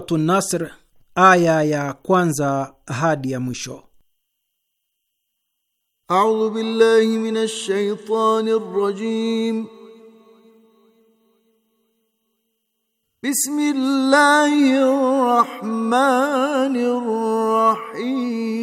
Suratu Nasr aya ya kwanza hadi ya mwisho. Audhu billahi minash shaitani rrajim. Bismillahir rahmanir rahim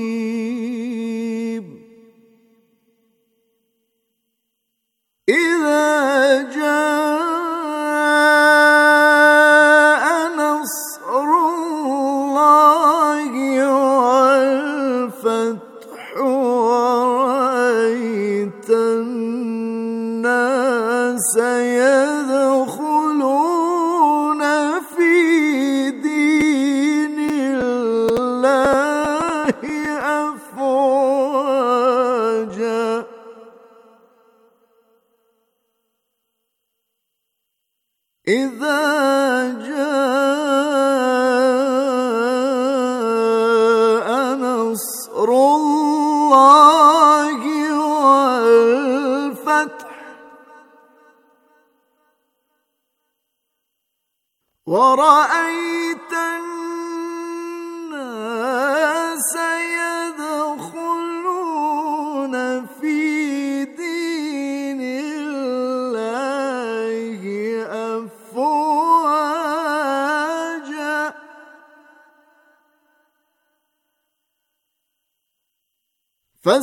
سيهدي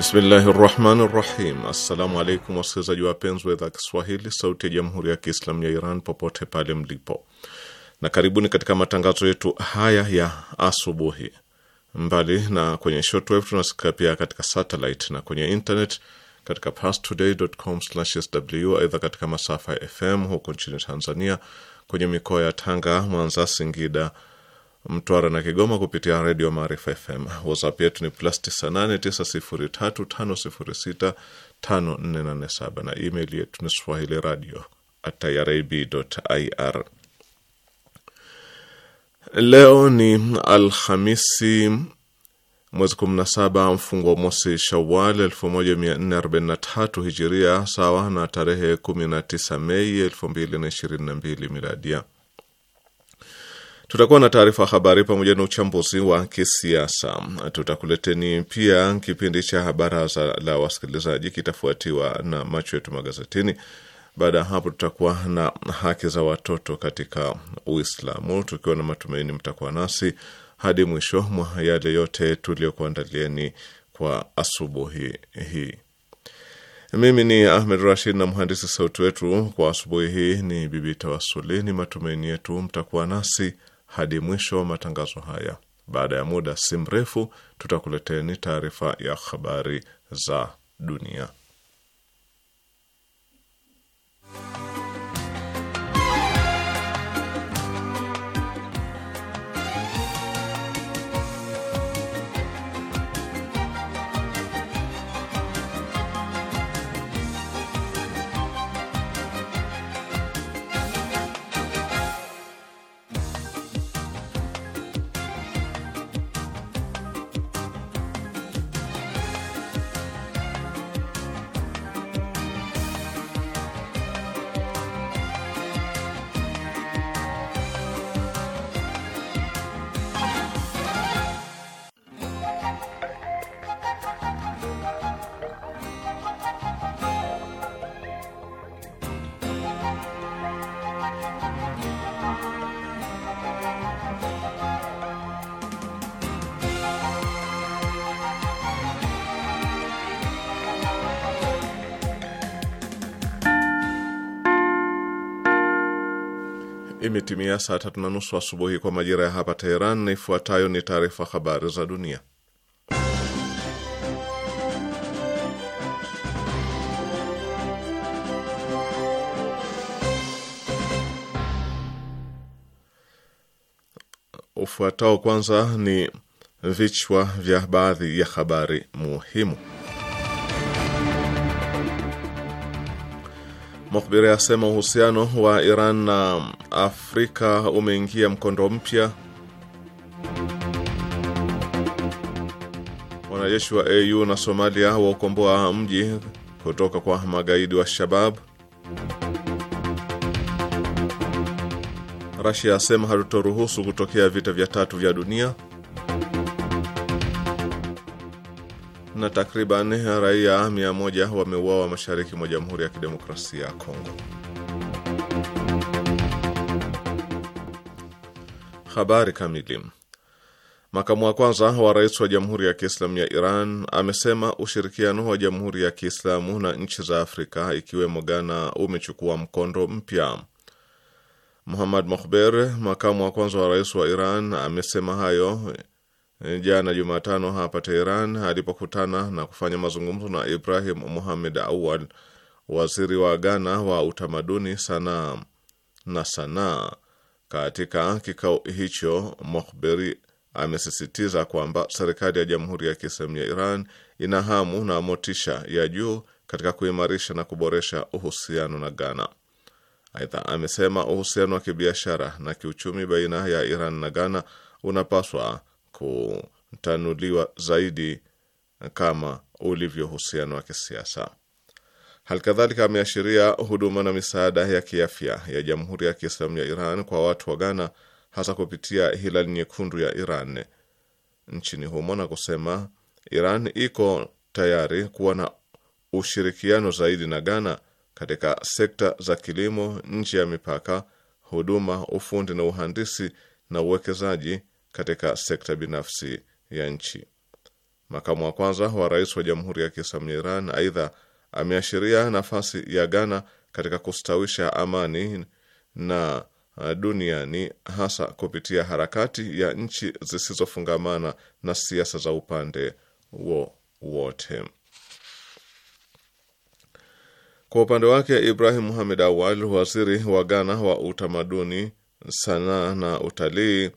Bismillahi rahmani rahim. Assalamu alaikum wasikilizaji wapenzi wa idhaa ya Kiswahili sauti ya jamhuri ya Kiislamu ya Iran popote pale mlipo, na karibuni katika matangazo yetu haya ya asubuhi. Mbali na kwenye shortwave, tunasikika pia katika satellite na kwenye internet katika parstoday.com/sw. Aidha, katika masafa ya FM huko nchini Tanzania, kwenye mikoa ya Tanga, Mwanza, Singida Mtwara na Kigoma kupitia redio Maarifa FM. WhatsApp yetu ni plus 989035065487 na email yetu ni swahili radio irib.ir. Leo ni Alhamisi mwezi 17 mfungo mosi Shawal 1443 hijiria sawa na tarehe 19 Mei 2022 miladia. Tutakuwa na taarifa habari pamoja na uchambuzi wa kisiasa. Tutakuleteni pia kipindi cha baraza la wasikilizaji, kitafuatiwa na macho yetu magazetini. Baada ya hapo, tutakuwa na haki za watoto katika Uislamu, tukiwa na matumaini mtakuwa nasi hadi mwisho mwa yale yote tuliyokuandalieni kwa asubuhi hii. Mimi ni Ahmed Rashid na mhandisi sauti wetu kwa asubuhi hii ni Bibi Tawasuli. Ni matumaini yetu mtakuwa nasi hadi mwisho wa matangazo haya. Baada ya muda si mrefu, tutakuleteni taarifa ya habari za dunia. imetimia saa tatu na nusu asubuhi kwa majira ya hapa Teheran, na ifuatayo ni taarifa habari za dunia. Ufuatao kwanza ni vichwa vya baadhi ya habari muhimu. Mukhbiri asema uhusiano wa Iran na Afrika umeingia mkondo mpya. Wanajeshi wa AU na Somalia waukomboa mji kutoka kwa magaidi wa Shabab. Rasia asema hatutoruhusu kutokea vita vya tatu vya dunia. na takriban raia 1 wameuawa mashariki mwa Jamhuri ya Kidemokrasia ya Kongo. Habari kamili. Makamu wa kwanza wa rais wa Jamhuri ya Kiislamu ya Iran amesema ushirikiano wa Jamhuri ya Kiislamu na nchi za Afrika ikiwemo Ghana umechukua mkondo mpya. Muhammad Mokhber, makamu wa kwanza wa rais wa Iran, amesema hayo Eh, jana Jumatano hapa Teheran alipokutana na kufanya mazungumzo na Ibrahim muhamed Awad, waziri wa Ghana wa utamaduni, sanaa na sanaa. Katika kikao hicho, Mohberi amesisitiza kwamba serikali ya Jamhuri ya Kiislamu ya Iran ina hamu na motisha ya juu katika kuimarisha na kuboresha uhusiano na Ghana. Aidha, amesema uhusiano wa kibiashara na kiuchumi baina ya Iran na Ghana unapaswa kutanuliwa zaidi kama ulivyo uhusiano wa kisiasa. Halikadhalika ameashiria huduma na misaada ya kiafya ya Jamhuri ya Kiislamu ya Iran kwa watu wa Ghana, hasa kupitia Hilali Nyekundu ya Iran nchini humo, na kusema Iran iko tayari kuwa na ushirikiano zaidi na Ghana katika sekta za kilimo, nje ya mipaka, huduma, ufundi na uhandisi na uwekezaji katika sekta binafsi ya nchi. Makamu wa kwanza wa rais wa Jamhuri ya Kiislamu ya Iran aidha ameashiria nafasi ya Ghana katika kustawisha amani na uh, duniani hasa kupitia harakati ya nchi zisizofungamana na siasa za upande wowote. Kwa upande wake, Ibrahim Muhamed Awal, waziri wa Ghana wa utamaduni, sanaa na utalii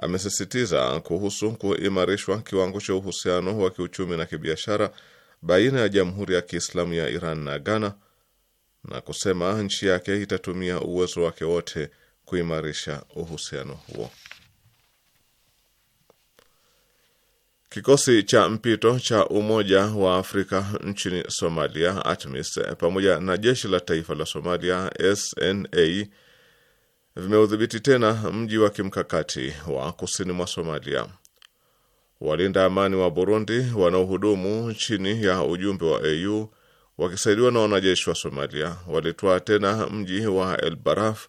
amesisitiza kuhusu kuimarishwa kiwango cha uhusiano wa kiuchumi na kibiashara baina ya Jamhuri ya Kiislamu ya Iran na Ghana na kusema nchi yake itatumia uwezo wake wote kuimarisha uhusiano huo. Kikosi cha mpito cha Umoja wa Afrika nchini Somalia, ATMIS, pamoja na jeshi la taifa la Somalia, SNA vimeudhibiti tena mji wa kimkakati wa kusini mwa Somalia. Walinda amani wa Burundi wanaohudumu chini ya ujumbe wa AU wakisaidiwa na wanajeshi wa Somalia walitwaa tena mji wa El Baraf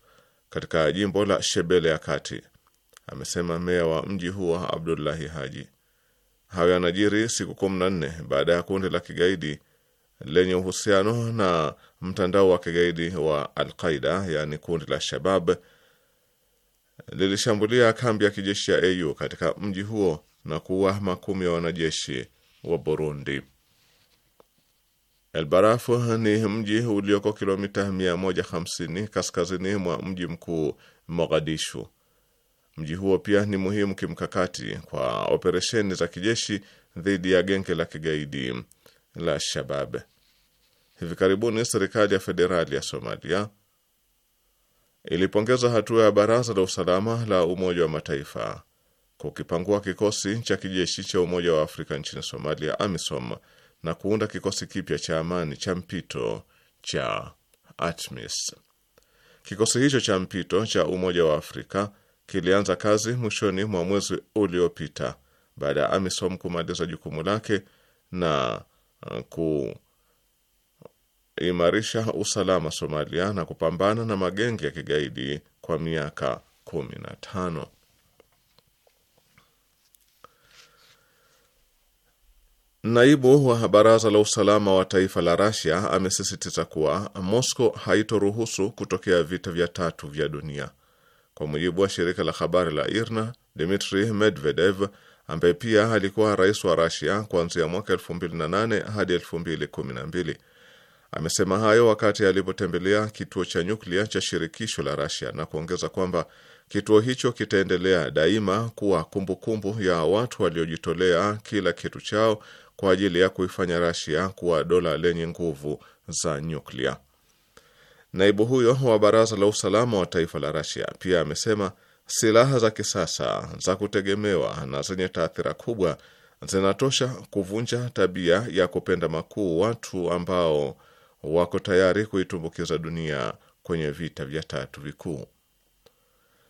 katika jimbo la Shebele ya kati, amesema meya wa mji huo Abdullahi Haji. Hayo yanajiri siku kumi na nne baada ya kundi la kigaidi lenye uhusiano na mtandao wa kigaidi wa Alqaida, yaani kundi la Shabab lilishambulia kambi ya kijeshi ya AU katika mji huo na kuua makumi ya wanajeshi wa Burundi. Elbarafu ni mji ulioko kilomita 150 kaskazini mwa mji mkuu Mogadishu. Mji huo pia ni muhimu kimkakati kwa operesheni za kijeshi dhidi ya genge la kigaidi la Shabab. Hivi karibuni serikali ya federali ya Somalia ilipongeza hatua ya Baraza la Usalama la Umoja wa Mataifa kukipangua kikosi cha kijeshi cha Umoja wa Afrika nchini Somalia, AMISOM, na kuunda kikosi kipya cha amani cha mpito cha ATMIS. Kikosi hicho cha mpito cha Umoja wa Afrika kilianza kazi mwishoni mwa mwezi uliopita baada ya AMISOM kumaliza jukumu lake na uh, ku imarisha usalama Somalia na kupambana na magenge ya kigaidi kwa miaka 15. Naibu wa baraza la usalama wa taifa la Rasia amesisitiza kuwa Moscow haitoruhusu kutokea vita vya tatu vya dunia. Kwa mujibu wa shirika la habari la IRNA, Dmitri Medvedev ambaye pia alikuwa rais wa Rasia kuanzia mwaka 2008 hadi 2012 Amesema hayo wakati alipotembelea kituo cha nyuklia cha shirikisho la Rasia na kuongeza kwamba kituo hicho kitaendelea daima kuwa kumbukumbu kumbu ya watu waliojitolea kila kitu chao kwa ajili ya kuifanya Rasia kuwa dola lenye nguvu za nyuklia. Naibu huyo wa baraza la usalama wa taifa la Rasia pia amesema silaha za kisasa za kutegemewa na zenye taathira kubwa zinatosha kuvunja tabia ya kupenda makuu watu ambao wako tayari kuitumbukiza dunia kwenye vita vya tatu vikuu.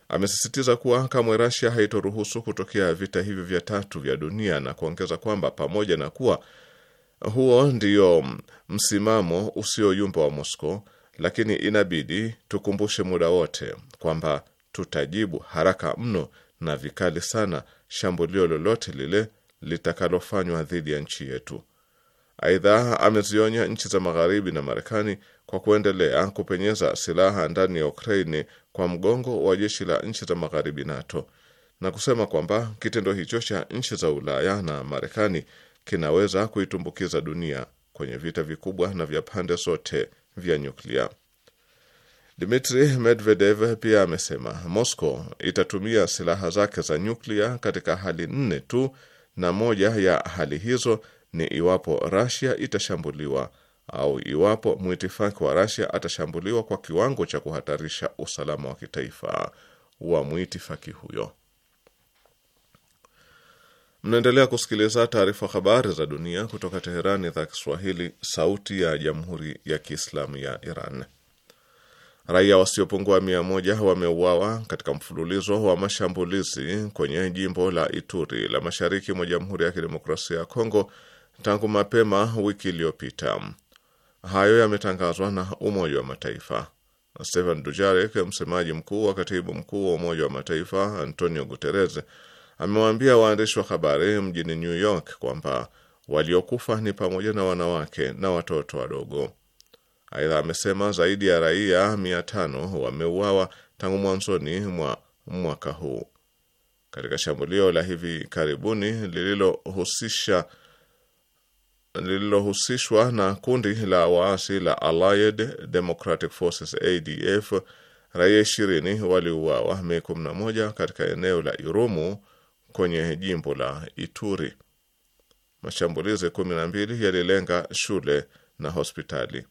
Amesisitiza kuwa kamwe Rasia haitoruhusu kutokea vita hivyo vya tatu vya dunia na kuongeza kwamba pamoja na kuwa huo ndio msimamo usioyumba wa Moscow, lakini inabidi tukumbushe muda wote kwamba tutajibu haraka mno na vikali sana shambulio lolote lile litakalofanywa dhidi ya nchi yetu. Aidha, amezionya nchi za Magharibi na Marekani kwa kuendelea kupenyeza silaha ndani ya Ukraini kwa mgongo wa jeshi la nchi za Magharibi NATO na kusema kwamba kitendo hicho cha nchi za Ulaya na Marekani kinaweza kuitumbukiza dunia kwenye vita vikubwa na vya pande zote vya nyuklia. Dmitri Medvedev pia amesema Moscow itatumia silaha zake za nyuklia katika hali nne tu, na moja ya hali hizo ni iwapo Rasia itashambuliwa au iwapo mwitifaki wa Rasia atashambuliwa kwa kiwango cha kuhatarisha usalama wa kitaifa wa mwitifaki huyo. Mnaendelea kusikiliza taarifa habari za dunia kutoka Teherani, idhaa Kiswahili, sauti ya jamhuri ya kiislamu ya Iran. Raia wasiopungua mia moja wameuawa katika mfululizo wa mashambulizi kwenye jimbo la Ituri la mashariki mwa jamhuri ya kidemokrasia ya Kongo tangu mapema wiki iliyopita. Hayo yametangazwa na Umoja wa Mataifa. Stephane Dujarric, msemaji mkuu wa katibu mkuu wa Umoja wa Mataifa Antonio Guterres, amewaambia waandishi wa habari mjini New York kwamba waliokufa ni pamoja na wanawake na watoto wadogo. Aidha amesema zaidi ya raia mia tano wameuawa tangu mwanzoni mwa mwaka huu katika shambulio la hivi karibuni lililohusisha lililohusishwa na kundi la waasi la Allied Democratic Forces ADF, raia ishirini waliuawa Mei 11 katika eneo la Irumu kwenye jimbo la Ituri. Mashambulizi 12 yalilenga shule na hospitali.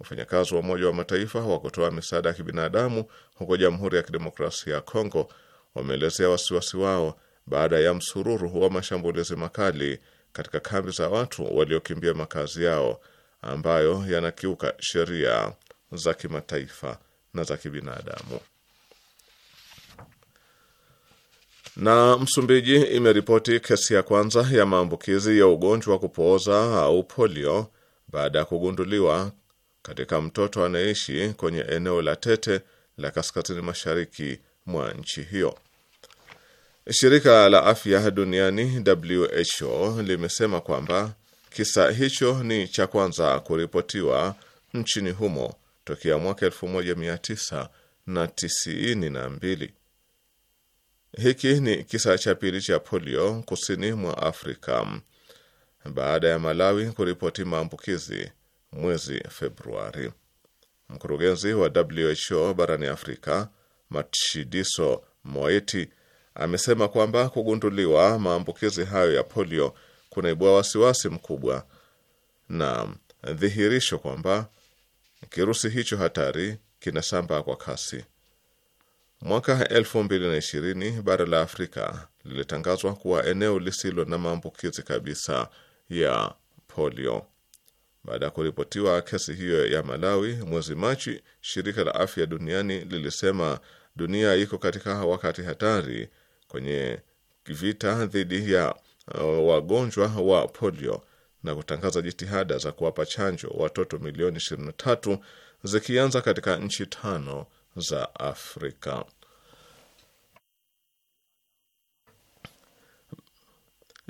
Wafanyakazi wa Umoja wa Mataifa wa kutoa misaada ya kibinadamu huko Jamhuri ya Kidemokrasia ya Kongo wameelezea wasiwasi wao baada ya msururu wa mashambulizi makali katika kambi za watu waliokimbia makazi yao ambayo yanakiuka sheria za kimataifa na za kibinadamu. Na Msumbiji imeripoti kesi ya kwanza ya maambukizi ya ugonjwa wa kupooza au polio baada ya kugunduliwa katika mtoto anayeishi kwenye eneo la Tete la kaskazini mashariki mwa nchi hiyo. Shirika la afya duniani WHO limesema kwamba kisa hicho ni cha kwanza kuripotiwa nchini humo tokea mwaka 1992. Hiki ni kisa cha pili cha polio kusini mwa Afrika baada ya Malawi kuripoti maambukizi mwezi Februari. Mkurugenzi wa WHO barani Afrika, Matshidiso Moeti amesema kwamba kugunduliwa maambukizi hayo ya polio kunaibua wasiwasi mkubwa na dhihirisho kwamba kirusi hicho hatari kinasambaa kwa kasi. Mwaka 2020 bara la Afrika lilitangazwa kuwa eneo lisilo na maambukizi kabisa ya polio. Baada ya kuripotiwa kesi hiyo ya Malawi mwezi Machi, shirika la afya duniani lilisema dunia iko katika wakati hatari kwenye vita dhidi ya uh, wagonjwa wa polio na kutangaza jitihada za kuwapa chanjo watoto milioni 23 zikianza katika nchi tano za Afrika.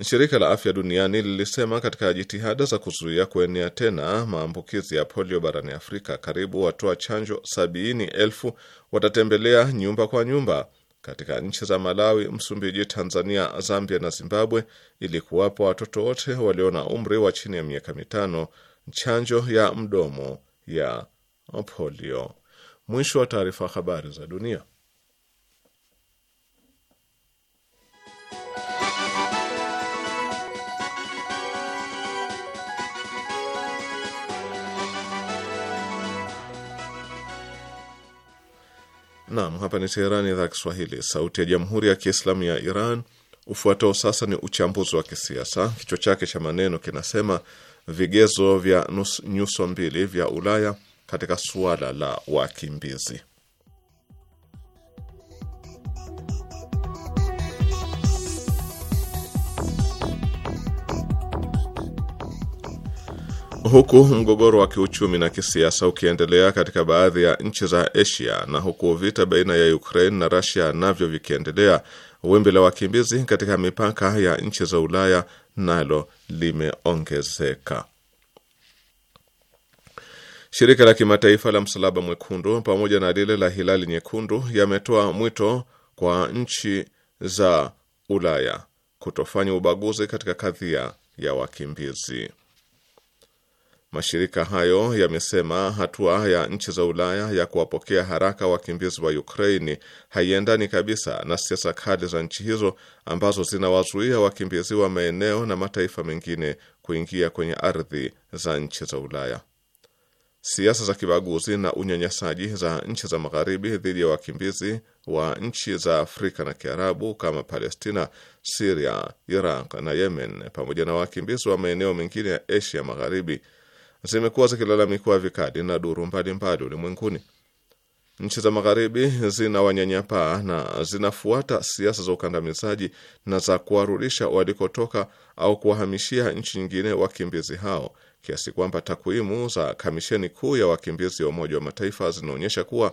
Shirika la Afya Duniani lilisema katika jitihada za kuzuia kuenea tena maambukizi ya polio barani Afrika, karibu watoa chanjo sabini elfu watatembelea nyumba kwa nyumba katika nchi za Malawi, Msumbiji, Tanzania, Zambia na Zimbabwe ili kuwapa watoto wote walio na umri wa chini ya miaka mitano chanjo ya mdomo ya polio. Mwisho wa taarifa. Habari za dunia. Naam, hapa ni Teherani, idhaa Kiswahili, sauti ya jamhuri ya kiislamu ya Iran. Ufuatao sasa ni uchambuzi wa kisiasa, kichwa chake cha maneno kinasema vigezo vya nyuso mbili vya Ulaya katika suala la wakimbizi. Huku mgogoro wa kiuchumi na kisiasa ukiendelea katika baadhi ya nchi za Asia na huku vita baina ya Ukraine na Russia navyo vikiendelea, wimbi la wakimbizi katika mipaka ya nchi za Ulaya nalo limeongezeka. Shirika la kimataifa la Msalaba Mwekundu pamoja na lile la Hilali Nyekundu yametoa mwito kwa nchi za Ulaya kutofanya ubaguzi katika kadhia ya wakimbizi. Mashirika hayo yamesema hatua ya nchi za Ulaya ya kuwapokea haraka wakimbizi wa Ukraini haiendani kabisa na siasa kali za nchi hizo ambazo zinawazuia wakimbizi wa maeneo na mataifa mengine kuingia kwenye ardhi za nchi za Ulaya. Siasa za kibaguzi na unyanyasaji za nchi za Magharibi dhidi ya wakimbizi wa nchi za Afrika na Kiarabu kama Palestina, Siria, Iraq na Yemen, pamoja na wakimbizi wa maeneo mengine ya Asia Magharibi zimekuwa zikilalamikiwa vikali na duru mbalimbali ulimwenguni. Nchi za Magharibi zina wanyanyapaa na zinafuata siasa za ukandamizaji na za kuwarudisha walikotoka au kuwahamishia nchi nyingine wakimbizi hao, kiasi kwamba takwimu za Kamisheni Kuu ya Wakimbizi ya Umoja wa Mataifa zinaonyesha kuwa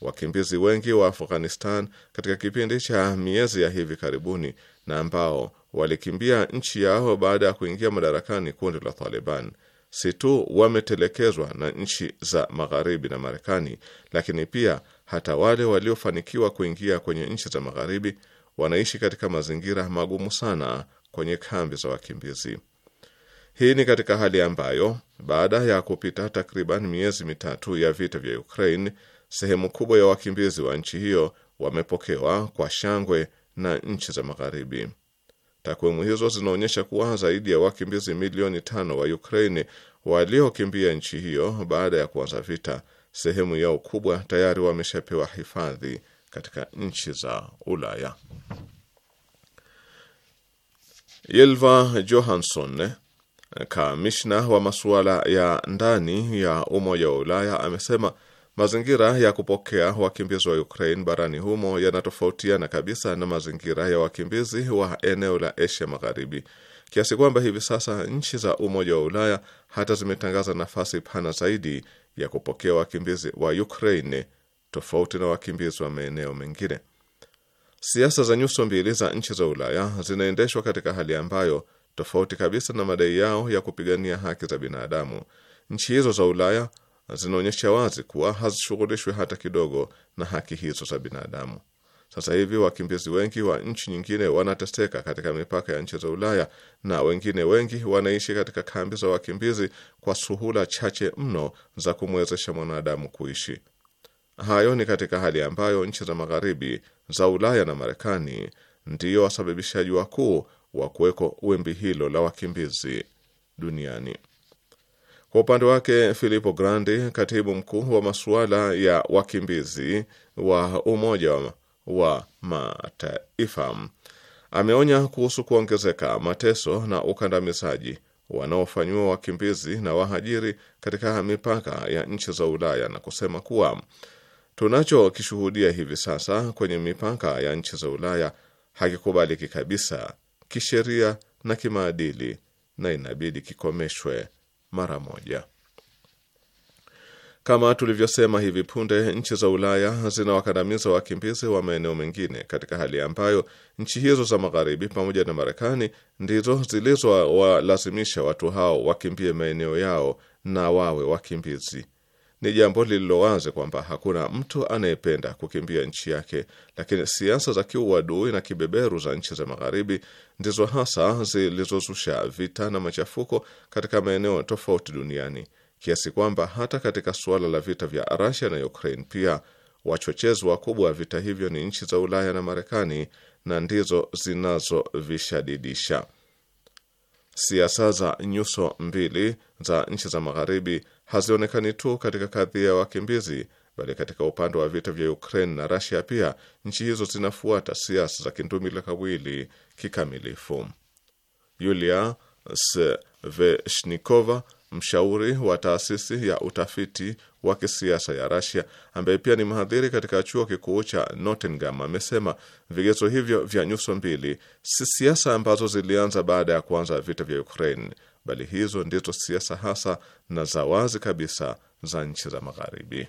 wakimbizi wengi wa Afghanistan katika kipindi cha miezi ya hivi karibuni na ambao walikimbia nchi yao baada ya kuingia madarakani kundi la Taliban si tu wametelekezwa na nchi za Magharibi na Marekani, lakini pia hata wale waliofanikiwa kuingia kwenye nchi za Magharibi wanaishi katika mazingira magumu sana kwenye kambi za wakimbizi. Hii ni katika hali ambayo baada ya kupita takriban miezi mitatu ya vita vya Ukraine, sehemu kubwa ya wakimbizi wa nchi hiyo wamepokewa kwa shangwe na nchi za Magharibi. Takwimu hizo zinaonyesha kuwa zaidi ya wakimbizi milioni tano wa Ukraini waliokimbia nchi hiyo baada ya kuanza vita, sehemu yao kubwa tayari wameshapewa hifadhi katika nchi za Ulaya. Ylva Johansson, kamishna wa masuala ya ndani ya Umoja wa Ulaya, amesema Mazingira ya kupokea wakimbizi wa Ukraine barani humo yanatofautiana kabisa na mazingira ya wakimbizi wa eneo la Asia Magharibi, kiasi kwamba hivi sasa nchi za Umoja wa Ulaya hata zimetangaza nafasi pana zaidi ya kupokea wakimbizi wa Ukraine tofauti na wakimbizi wa maeneo mengine. Siasa za nyuso mbili za nchi za Ulaya zinaendeshwa katika hali ambayo, tofauti kabisa na madai yao ya kupigania haki za binadamu, nchi hizo za Ulaya zinaonyesha wazi kuwa hazishughulishwi hata kidogo na haki hizo za binadamu. Sasa hivi wakimbizi wengi wa nchi nyingine wanateseka katika mipaka ya nchi za Ulaya na wengine wengi wanaishi katika kambi za wakimbizi kwa suhula chache mno za kumwezesha mwanadamu kuishi. Hayo ni katika hali ambayo nchi za magharibi za Ulaya na Marekani ndiyo wasababishaji wakuu wa kuweko wimbi hilo la wakimbizi duniani. Kwa upande wake Filippo Grandi, katibu mkuu wa masuala ya wakimbizi wa Umoja wa Mataifa, ameonya kuhusu kuongezeka mateso na ukandamizaji wanaofanyiwa wakimbizi na wahajiri katika mipaka ya nchi za Ulaya na kusema kuwa tunachokishuhudia hivi sasa kwenye mipaka ya nchi za Ulaya hakikubaliki kabisa kisheria na kimaadili na inabidi kikomeshwe mara moja. Kama tulivyosema hivi punde, nchi za Ulaya zinawakandamiza wakimbizi wa maeneo mengine katika hali ambayo nchi hizo za magharibi pamoja na Marekani ndizo zilizowalazimisha watu hao wakimbie maeneo yao na wawe wakimbizi ni jambo lililo wazi kwamba hakuna mtu anayependa kukimbia nchi yake, lakini siasa za kiuadui na kibeberu za nchi za Magharibi ndizo hasa zilizozusha vita na machafuko katika maeneo tofauti duniani, kiasi kwamba hata katika suala la vita vya Russia na Ukraine pia wachochezi wakubwa wa vita hivyo ni nchi za Ulaya na Marekani, na ndizo zinazovishadidisha siasa za nyuso mbili za nchi za Magharibi hazionekani tu katika kadhia ya wakimbizi, bali katika upande wa vita vya Ukraine na Russia pia nchi hizo zinafuata siasa za kindumilakawili kawili kikamilifu. Yulia Sveshnikova mshauri wa taasisi ya utafiti wa kisiasa ya Rasia ambaye pia ni mhadhiri katika chuo kikuu cha Nottingham amesema vigezo hivyo vya nyuso mbili si siasa ambazo zilianza baada ya kuanza vita vya Ukraine, bali hizo ndizo siasa hasa na za wazi kabisa za nchi za Magharibi.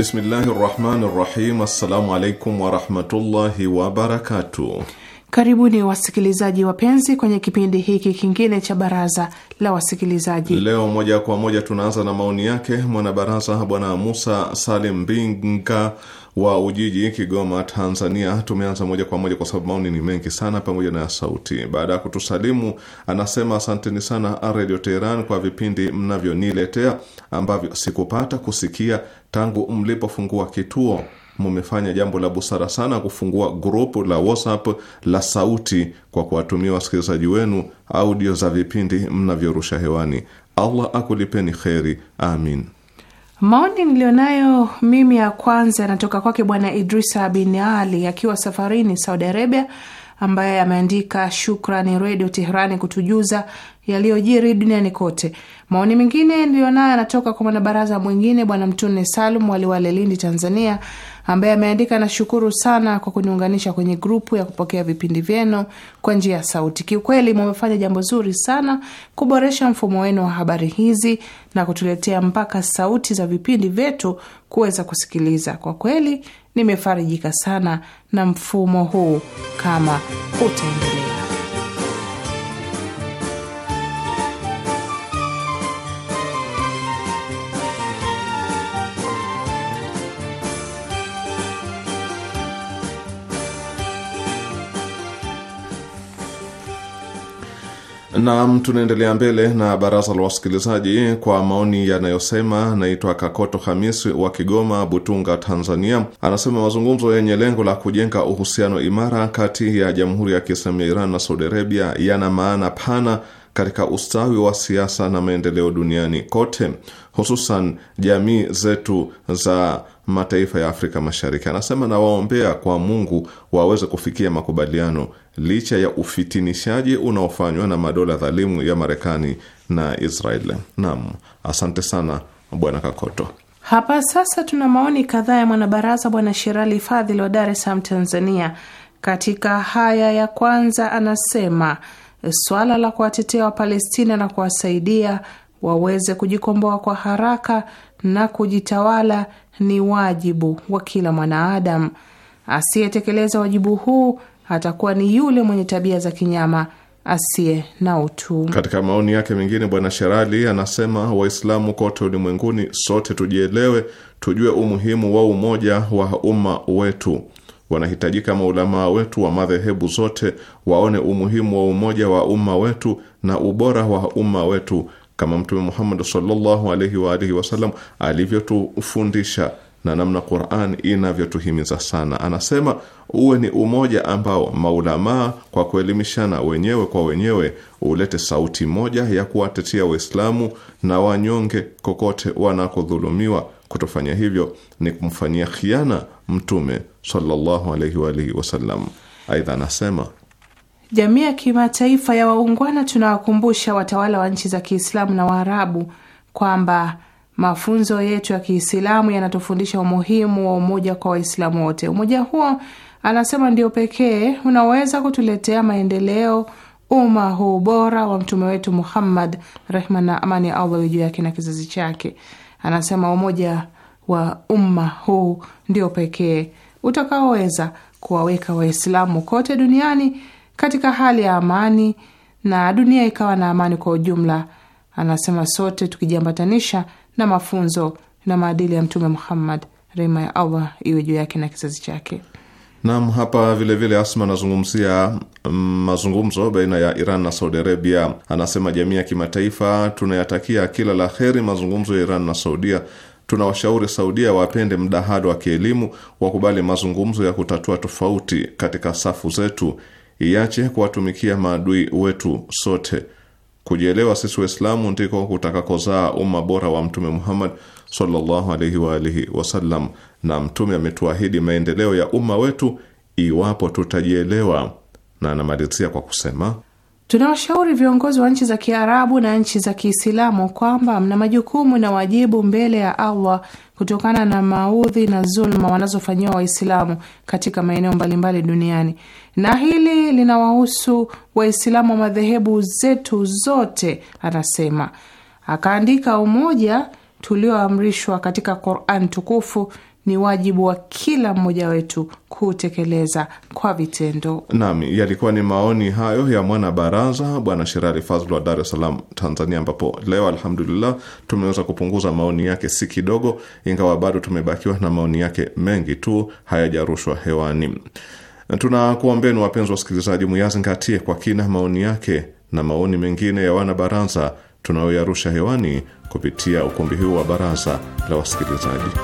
Bismillahi rahmani rahim. Assalamu alaikum warahmatullahi wabarakatuh. Karibuni wasikilizaji wapenzi kwenye kipindi hiki kingine cha baraza la wasikilizaji. Leo moja kwa moja tunaanza na maoni yake mwanabaraza Bwana Musa Salim Mbinga wa Ujiji, Kigoma, Tanzania. Tumeanza moja kwa moja kwa sababu maoni ni mengi sana, pamoja na sauti. Baada ya kutusalimu, anasema asanteni sana Radio Teheran kwa vipindi mnavyoniletea ambavyo sikupata kusikia tangu mlipofungua kituo. Mumefanya jambo la busara sana kufungua grupu la WhatsApp la sauti kwa kuwatumia wasikilizaji wenu audio za vipindi mnavyorusha hewani. Allah akulipeni kheri, amin. Maoni niliyonayo mimi ya kwanza yanatoka kwake Bwana Idrisa bin Ali akiwa safarini Saudi Arabia, ambaye ameandika shukrani Redio Teherani kutujuza yaliyojiri duniani kote. Maoni mengine niliyonayo yanatoka kwa mwanabaraza mwingine Bwana Mtune Salum Waliwale, Lindi, Tanzania, ambaye ameandika nashukuru sana kwa kuniunganisha kwenye grupu ya kupokea vipindi vyenu kwa njia ya sauti. Kiukweli mumefanya jambo zuri sana kuboresha mfumo wenu wa habari hizi na kutuletea mpaka sauti za vipindi vyetu kuweza kusikiliza. Kwa kweli nimefarijika sana na mfumo huu kama utaendelea. Naam, tunaendelea mbele na baraza la wasikilizaji kwa maoni yanayosema. Naitwa Kakoto Hamisi wa Kigoma Butunga, Tanzania. Anasema mazungumzo yenye lengo la kujenga uhusiano imara kati ya Jamhuri ya Kiislamu ya Iran na Saudi Arabia yana maana pana katika ustawi wa siasa na maendeleo duniani kote, hususan jamii zetu za mataifa ya Afrika Mashariki. Anasema nawaombea kwa Mungu waweze kufikia makubaliano licha ya ufitinishaji unaofanywa na madola dhalimu ya Marekani na Israel. Naam, asante sana Bwana Kakoto. Hapa sasa tuna maoni kadhaa ya mwanabaraza Bwana Sherali Fadhili wa Dar es Salaam, Tanzania. Katika haya ya kwanza anasema swala la kuwatetea Wapalestina na kuwasaidia waweze kujikomboa kwa haraka na kujitawala ni wajibu wa kila mwanaadamu. Asiyetekeleza wajibu huu atakuwa ni yule mwenye tabia za kinyama asiye na utu. Katika maoni yake mengine, Bwana Sherali anasema Waislamu kote ulimwenguni, sote tujielewe, tujue umuhimu wa umoja wa umma wetu. Wanahitajika maulamaa wetu wa madhehebu zote waone umuhimu wa umoja wa umma wetu na ubora wa umma wetu kama Mtume Muhammad sallallahu alaihi wa alihi wasallam alivyotufundisha na namna Qur'an inavyotuhimiza sana. Anasema uwe ni umoja ambao maulamaa kwa kuelimishana wenyewe kwa wenyewe ulete sauti moja ya kuwatetea Waislamu na wanyonge kokote wanakodhulumiwa Kutofanya hivyo ni kumfanyia khiana Mtume sallallahu alaihi wa alihi wasallam. Aidha anasema jamii ya kimataifa ya waungwana, tunawakumbusha watawala wa nchi za Kiislamu na Waarabu kwamba mafunzo yetu ya Kiislamu yanatufundisha umuhimu wa umoja kwa Waislamu wote. Umoja huo, anasema, ndio pekee unaweza kutuletea maendeleo umma huu bora wa mtume wetu Muhammad, rehma na amani ya Allah juu yake na kizazi chake. Anasema umoja wa umma huu ndio pekee utakaoweza kuwaweka Waislamu kote duniani katika hali ya amani na dunia ikawa na amani kwa ujumla. Anasema sote tukijiambatanisha na mafunzo na maadili ya Mtume Muhammad, rehma ya Allah iwe juu yake na kizazi chake. Nam, hapa vilevile vile Asma anazungumzia mm, mazungumzo baina ya Iran na Saudi Arabia. Anasema jamii ya kimataifa tunayatakia kila la heri mazungumzo ya Iran na Saudia. Tunawashauri Saudia wapende mdahalo wa kielimu, wakubali mazungumzo ya kutatua tofauti katika safu zetu, iache kuwatumikia maadui wetu sote. Kujielewa sisi Waislamu ndiko kutakakozaa umma bora wa Mtume Muhammad sallallahu alaihi wa alihi wasallam, na Mtume ametuahidi maendeleo ya umma wetu iwapo tutajielewa, na anamalizia kwa kusema Tunawashauri viongozi wa nchi za Kiarabu na nchi za Kiislamu kwamba mna majukumu na wajibu mbele ya Allah kutokana na maudhi na zuluma wanazofanyiwa Waislamu katika maeneo mbalimbali duniani, na hili linawahusu Waislamu wa madhehebu zetu zote, anasema. Akaandika umoja tulioamrishwa katika Quran tukufu ni wajibu wa kila mmoja wetu kutekeleza kwa vitendo. nam yalikuwa ni maoni hayo ya mwana baraza Bwana Sherali Fazl wa Dar es Salaam, Tanzania, ambapo leo alhamdulillah tumeweza kupunguza maoni yake si kidogo, ingawa bado tumebakiwa na maoni yake mengi tu hayajarushwa hewani. Tunakuombeni wapenzi wasikilizaji, muyazingatie kwa kina maoni yake na maoni mengine ya wana baraza tunayoyarusha hewani kupitia ukumbi huu wa baraza la wasikilizaji.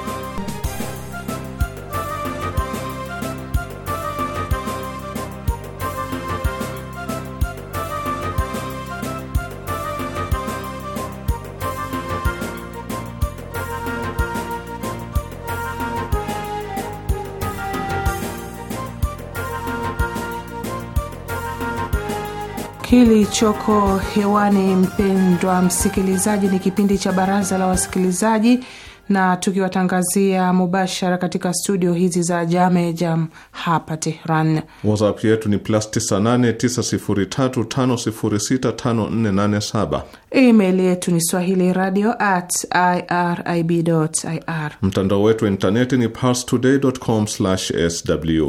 kilichoko hewani, mpendwa msikilizaji, ni kipindi cha Baraza la Wasikilizaji, na tukiwatangazia mubashara katika studio hizi za Jame Jam hapa Tehran. WhatsApp yetu ni plus 989035065487. Email yetu ni swahili radio at irib.ir. Mtandao wetu wa intaneti ni parstoday.com/sw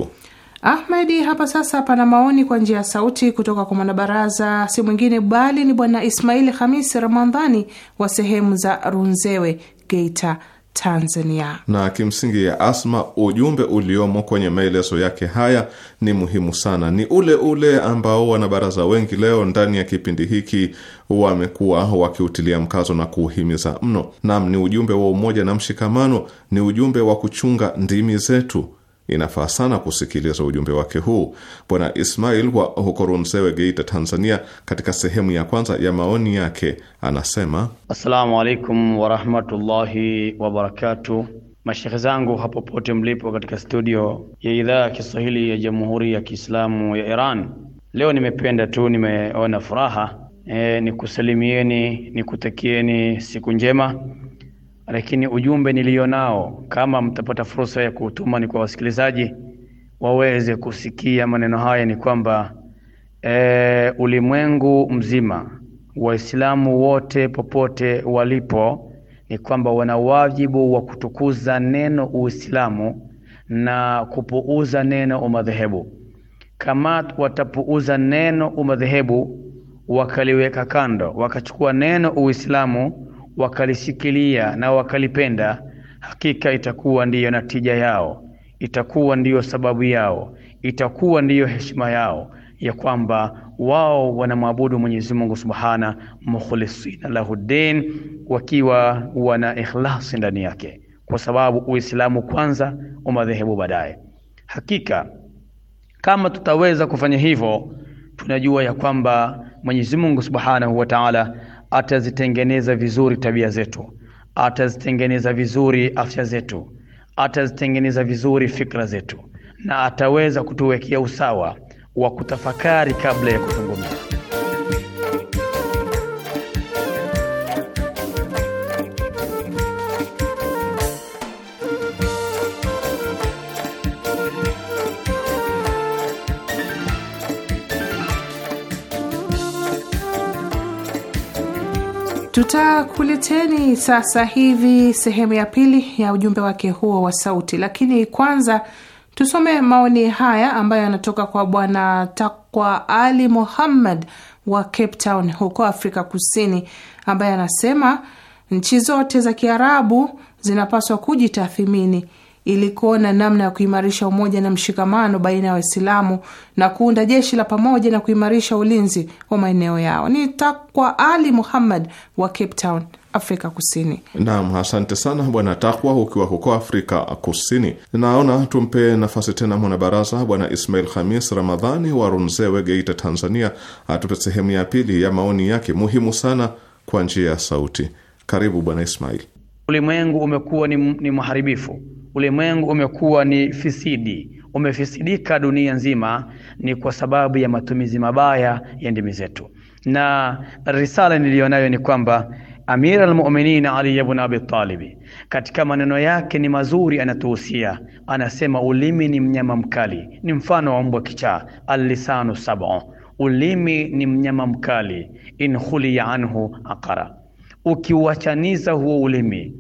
Ahmedi, hapa sasa pana maoni kwa njia ya sauti kutoka kwa mwanabaraza, si mwingine bali ni Bwana Ismaili Hamis Ramadhani wa sehemu za Runzewe, Geita, Tanzania. Na kimsingi ya Asma, ujumbe uliomo kwenye maelezo yake haya ni muhimu sana, ni ule ule ambao wanabaraza wengi leo ndani ya kipindi hiki wamekuwa wakiutilia mkazo na kuuhimiza mno. Naam, ni ujumbe wa umoja na mshikamano, ni ujumbe wa kuchunga ndimi zetu inafaa sana kusikiliza ujumbe wake huu. Bwana Ismail wa huko Runsewe, Geita, Tanzania, katika sehemu ya kwanza ya maoni yake anasema: assalamu alaikum warahmatullahi wabarakatu. Mashehe zangu hapo pote mlipo katika studio ya idhaa ya Kiswahili ya Jamhuri ya Kiislamu ya Iran, leo nimependa tu, nimeona furaha e, nikusalimieni nikutakieni siku njema lakini ujumbe nilio nao kama mtapata fursa ya kuutuma ni kwa wasikilizaji waweze kusikia maneno haya, ni kwamba e, ulimwengu mzima Waislamu wote popote walipo, ni kwamba wana wajibu wa kutukuza neno Uislamu na kupuuza neno umadhehebu. Kama watapuuza neno umadhehebu wakaliweka kando, wakachukua neno Uislamu wakalishikilia na wakalipenda, hakika itakuwa ndiyo natija yao, itakuwa ndiyo sababu yao, itakuwa ndiyo heshima yao ya kwamba wao wanamwabudu Mwenyezi Mungu Subhana mukhlisina lahu din, wakiwa wana ikhlasi ndani yake, kwa sababu Uislamu kwanza, umadhehebu baadaye. Hakika kama tutaweza kufanya hivyo, tunajua ya kwamba Mwenyezi Mungu Subhanahu wa Ta'ala atazitengeneza vizuri tabia zetu, atazitengeneza vizuri afya zetu, atazitengeneza vizuri fikra zetu, na ataweza kutuwekea usawa wa kutafakari kabla ya kuzungumza. Tutakuleteni sasa hivi sehemu ya pili ya ujumbe wake huo wa sauti, lakini kwanza tusome maoni haya ambayo yanatoka kwa Bwana Takwa Ali Muhammad wa Cape Town huko Afrika Kusini, ambaye anasema nchi zote za Kiarabu zinapaswa kujitathimini ili kuona namna ya kuimarisha umoja na mshikamano baina ya Waislamu na kuunda jeshi la pamoja na kuimarisha ulinzi wa maeneo yao. Ni Takwa Ali Muhammad wa Cape Town, Afrika Kusini. Naam, asante sana Bwana Takwa, ukiwa huko Afrika Kusini. Naona tumpe nafasi tena mwanabaraza Bwana Ismail Khamis Ramadhani wa Runzewe, Geita, Tanzania, atupe sehemu ya pili ya maoni yake muhimu sana kwa njia ya sauti. Karibu Bwana Ismail. Ulimwengu umekuwa ni, ni mharibifu ulimwengu umekuwa ni fisidi, umefisidika dunia nzima, ni kwa sababu ya matumizi mabaya ya ndimi zetu. Na risala niliyonayo ni kwamba Amir al-Mu'minin Ali ibn Abi Talib katika maneno yake ni mazuri, anatuhusia anasema, ulimi ni mnyama mkali, ni mfano wa mbwa kichaa. Al-lisanu sab'u, ulimi ni mnyama mkali. In khuliya anhu aqara, ukiuachaniza huo ulimi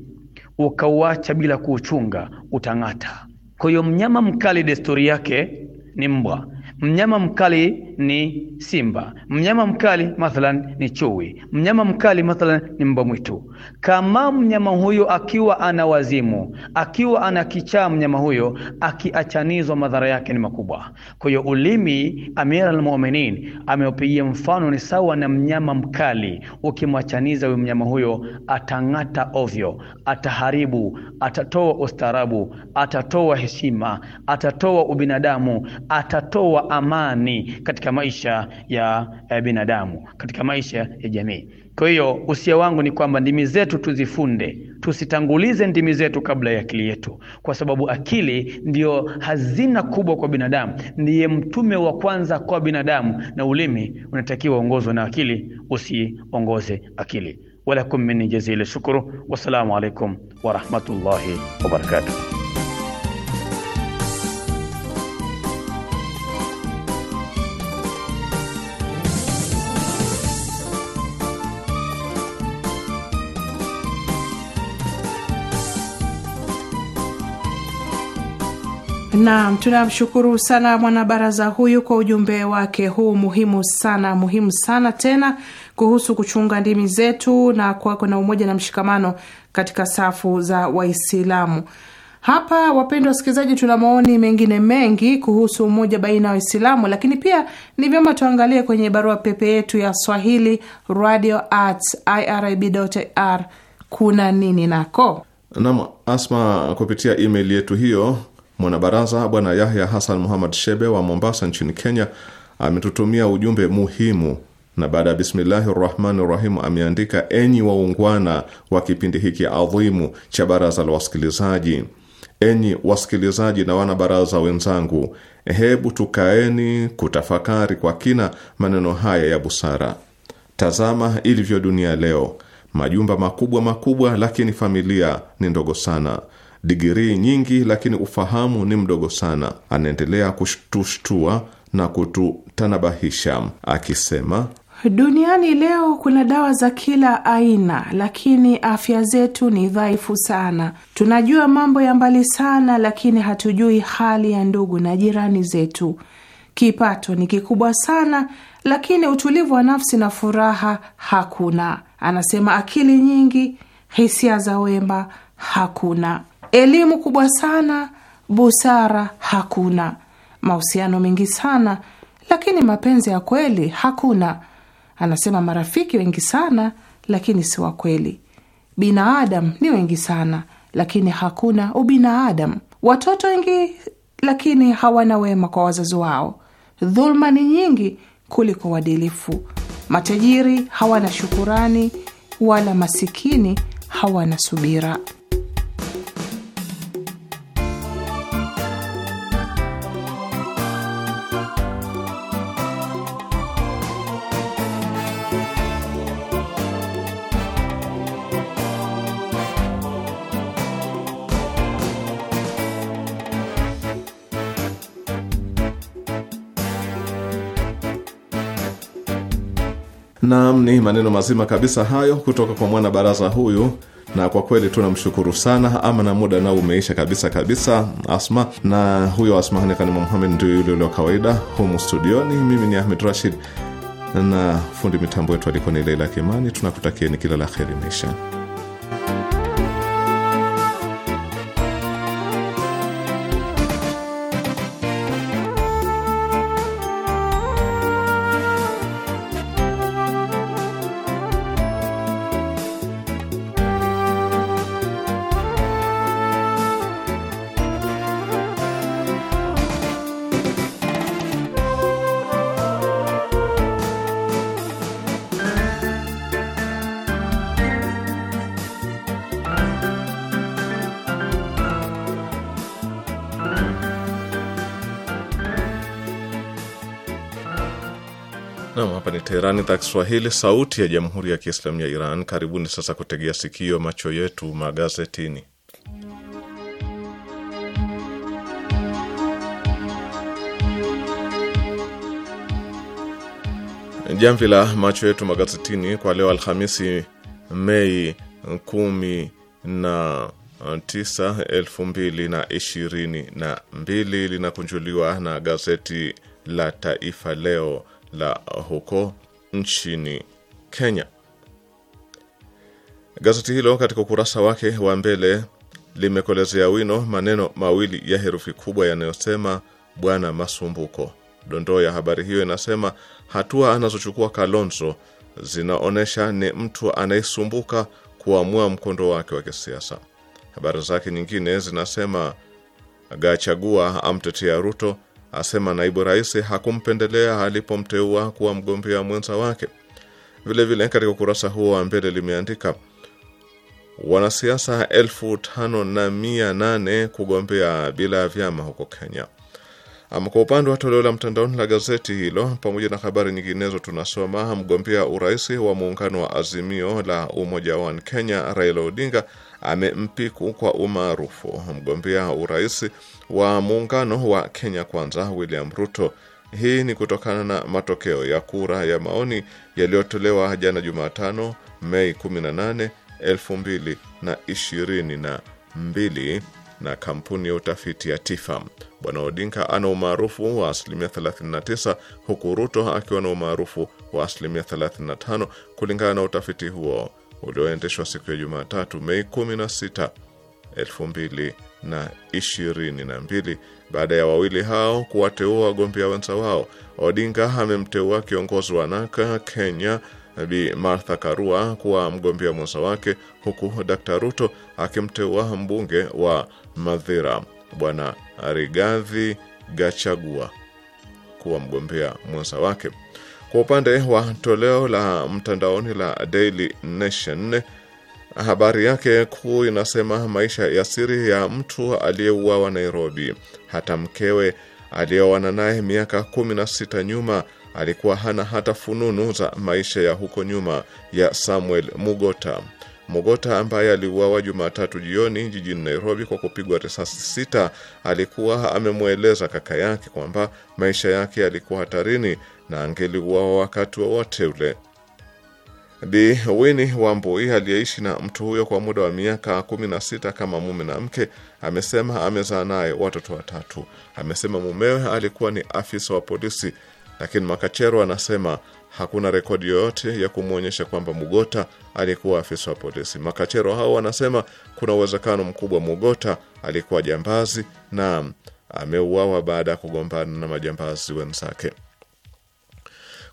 ukauacha bila kuuchunga utang'ata. Kwa hiyo mnyama mkali desturi yake ni mbwa. Mnyama mkali ni simba, mnyama mkali mathalan ni chui, mnyama mkali mathalan ni mbwa mwitu. Kama mnyama huyo akiwa ana wazimu, akiwa ana kichaa, mnyama huyo akiachanizwa, madhara yake ni makubwa. Kwa hiyo ulimi, Amira Almu'minin ameupigia mfano, ni sawa na mnyama mkali. Ukimwachaniza huyo mnyama huyo, atang'ata ovyo, ataharibu, atatoa ustaarabu, atatoa heshima, atatoa ubinadamu, atatoa amani katika katika maisha ya eh, binadamu, katika maisha ya jamii. Kwa hiyo usia wangu ni kwamba ndimi zetu tuzifunde, tusitangulize ndimi zetu kabla ya akili yetu, kwa sababu akili ndiyo hazina kubwa kwa binadamu, ndiye mtume wa kwanza kwa binadamu, na ulimi unatakiwa uongozwe na akili, usiongoze akili. Walakum min jazili shukuru. Wassalamu alaikum warahmatullahi wabarakatuh. Naam, tunamshukuru sana mwanabaraza huyu kwa ujumbe wake huu muhimu sana, muhimu sana tena, kuhusu kuchunga ndimi zetu na kuwako na umoja na mshikamano katika safu za Waislamu. Hapa wapendwa wasikilizaji, tuna maoni mengine mengi kuhusu umoja baina ya Waislamu, lakini pia ni vyema tuangalie kwenye barua pepe yetu ya swahili radio at irib.ir kuna nini nako. Naam, Asma, kupitia email yetu hiyo Mwanabaraza Bwana Yahya Hassan Muhammad Shebe wa Mombasa nchini Kenya ametutumia ujumbe muhimu, na baada ya bismillahi rahmani rahim ameandika: enyi waungwana wa kipindi hiki adhimu cha baraza la wasikilizaji, enyi wasikilizaji na wanabaraza wenzangu, hebu tukaeni kutafakari kwa kina maneno haya ya busara. Tazama ilivyo dunia leo, majumba makubwa makubwa, lakini familia ni ndogo sana digirii nyingi, lakini ufahamu ni mdogo sana. Anaendelea kushtushtua na kututanabahisha akisema, duniani leo kuna dawa za kila aina, lakini afya zetu ni dhaifu sana. Tunajua mambo ya mbali sana, lakini hatujui hali ya ndugu na jirani zetu. Kipato ni kikubwa sana, lakini utulivu wa nafsi na furaha hakuna. Anasema akili nyingi, hisia za wema hakuna. Elimu kubwa sana, busara hakuna, mahusiano mengi sana, lakini mapenzi ya kweli hakuna. Anasema marafiki wengi sana, lakini si wa kweli. Binadamu ni wengi sana, lakini hakuna ubinadamu. Watoto wengi, lakini hawana wema kwa wazazi wao. Dhuluma ni nyingi kuliko uadilifu. Matajiri hawana shukurani, wala masikini hawana subira. Naam, ni maneno mazima kabisa hayo kutoka kwa mwana baraza huyu na kwa kweli tunamshukuru sana. Ama na muda nao umeisha kabisa kabisa, Asma. Na huyo Asmahani Kanima Muhamed ndio yule ule wa kawaida humu studioni. Mimi ni Ahmed Rashid na fundi mitambo wetu alikuwa ni Leila Kimani. Tunakutakieni kila la kheri maishani. Teherani, idhaa Kiswahili, sauti ya jamhuri ya kiislamu ya Iran. Karibuni sasa kutegea sikio, macho yetu magazetini. Jamvi la macho yetu magazetini kwa leo Alhamisi, Mei 19, na linakunjuliwa na gazeti la Taifa Leo la huko nchini Kenya. Gazeti hilo katika ukurasa wake wa mbele limekolezea wino maneno mawili ya herufi kubwa yanayosema Bwana Masumbuko. Dondoo ya habari hiyo inasema hatua anazochukua Kalonzo zinaonyesha ni mtu anayesumbuka kuamua mkondo wake wa kisiasa. Habari zake nyingine zinasema Gachagua amtetea Ruto, asema naibu rais hakumpendelea alipomteua kuwa mgombea mwenza wake. Vilevile, katika ukurasa huo wa mbele limeandika wanasiasa elfu tano na mia nane kugombea bila ya vyama huko Kenya. Ama kwa upande wa toleo la mtandaoni la gazeti hilo, pamoja na habari nyinginezo, tunasoma mgombea urais wa muungano wa Azimio la Umoja wa Kenya Raila Odinga amempiku kwa umaarufu mgombea urais wa muungano wa Kenya Kwanza William Ruto. Hii ni kutokana na matokeo ya kura ya maoni yaliyotolewa jana Jumatano, Mei 18, 2022 na kampuni ya utafiti ya Tifam. Bwana Odinga ana umaarufu wa asilimia 39 huku Ruto akiwa na umaarufu wa asilimia 35 kulingana na utafiti huo ulioendeshwa siku ya Jumatatu Mei 16, 2022 baada ya wawili hao kuwateua wagombea wenza wao. Odinga amemteua kiongozi wa Naka Kenya Bi Martha Karua kuwa mgombea mwenza wake huku Dr. Ruto akimteua mbunge wa Madhira Bwana Rigathi Gachagua kuwa mgombea mwenza wake. Kwa upande wa toleo la mtandaoni la Daily Nation, habari yake kuu inasema maisha ya siri ya mtu aliyeuawa Nairobi. Hata mkewe aliyeoana naye miaka kumi na sita nyuma alikuwa hana hata fununu za maisha ya huko nyuma ya Samuel Mugota. Mogota ambaye aliuawa Jumatatu jioni jijini Nairobi kwa kupigwa risasi sita alikuwa amemweleza kaka yake kwamba maisha yake yalikuwa hatarini na angeliuawa wakati wowote wa ule. Bi Wini Wambui aliyeishi na mtu huyo kwa muda wa miaka kumi na sita kama mume na mke amesema amezaa naye watoto watatu. Amesema mumewe alikuwa ni afisa wa polisi, lakini Makachero anasema hakuna rekodi yoyote ya kumwonyesha kwamba Mugota alikuwa afisa wa polisi. Makachero hao wanasema kuna uwezekano mkubwa Mugota alikuwa jambazi na ameuawa baada ya kugombana na majambazi wenzake.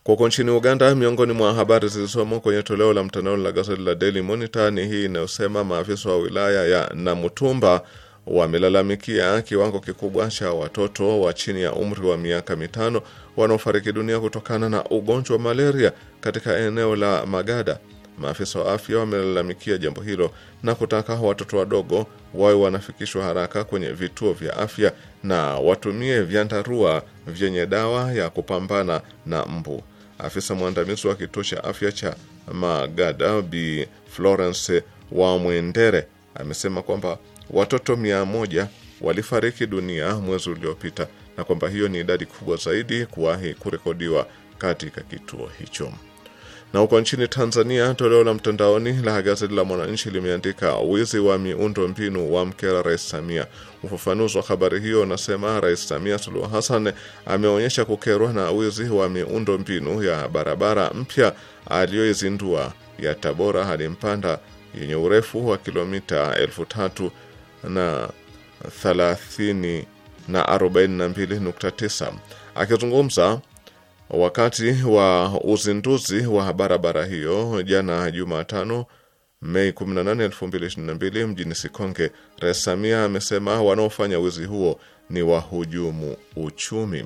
kuko nchini Uganda, miongoni mwa habari zilizomo kwenye toleo la mtandaoni la gazeti la Daily Monitor ni hii inayosema maafisa wa wilaya ya Namutumba wamelalamikia kiwango kikubwa cha watoto wa chini ya umri wa miaka mitano wanaofariki dunia kutokana na ugonjwa wa malaria katika eneo la Magada. Maafisa wa afya wamelalamikia jambo hilo na kutaka watoto wadogo wawe wanafikishwa haraka kwenye vituo vya afya na watumie vyandarua vyenye dawa ya kupambana na mbu. Afisa mwandamizi wa kituo cha afya cha Magada Bi Florence Wamwendere amesema kwamba watoto mia moja walifariki dunia mwezi uliopita na kwamba hiyo ni idadi kubwa zaidi kuwahi kurekodiwa katika kituo hicho. Na huko nchini Tanzania, toleo la mtandaoni la gazeti la Mwananchi limeandika wizi wa miundo mbinu wa mkera Rais Samia. Ufafanuzi wa habari hiyo unasema Rais Samia Suluhu Hassan ameonyesha kukerwa na wizi wa miundo mbinu ya barabara mpya aliyoizindua ya Tabora hadi Mpanda yenye urefu wa kilomita elfu tatu na 30 na 42.9. Akizungumza wakati wa uzinduzi wa barabara hiyo jana Jumatano Mei 18, 2022 mjini Sikonge, Rais Samia amesema wanaofanya wizi huo ni wahujumu uchumi.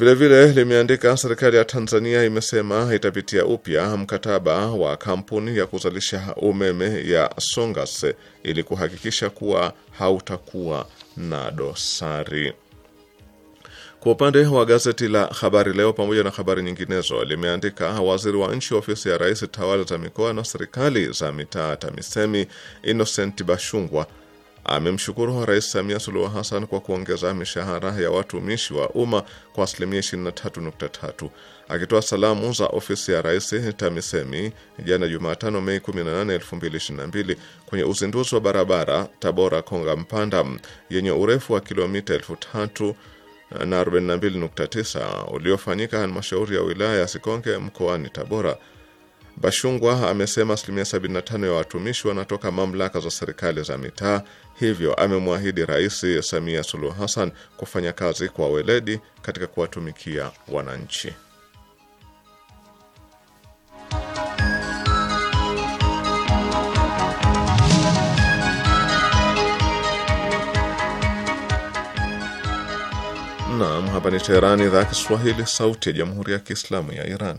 Vilevile limeandika serikali ya Tanzania imesema itapitia upya mkataba wa kampuni ya kuzalisha umeme ya Songas ili kuhakikisha kuwa hautakuwa na dosari. Kwa upande wa gazeti la Habari Leo, pamoja na habari nyinginezo, limeandika waziri wa nchi ofisi ya rais, tawala za mikoa na serikali za mitaa, TAMISEMI, Innocent Bashungwa amemshukuru Rais Samia Suluhu Hassan kwa kuongeza mishahara ya watumishi wa umma kwa asilimia 23.3. Akitoa salamu za ofisi ya Rais TAMISEMI jana Jumatano, Mei 18, 2022 kwenye uzinduzi wa barabara Tabora Konga Mpanda yenye urefu wa kilomita 3 na 42.9 uliofanyika halmashauri ya wilaya ya Sikonge mkoani Tabora Bashungwa amesema asilimia 75 ya watumishi wanatoka mamlaka za serikali za mitaa, hivyo amemwahidi Rais Samia Suluhu Hassan kufanya kazi kwa weledi katika kuwatumikia wananchi. Naam, hapa ni Teherani, idhaa ya Kiswahili, sauti ya Jamhuri ya Kiislamu ya Iran.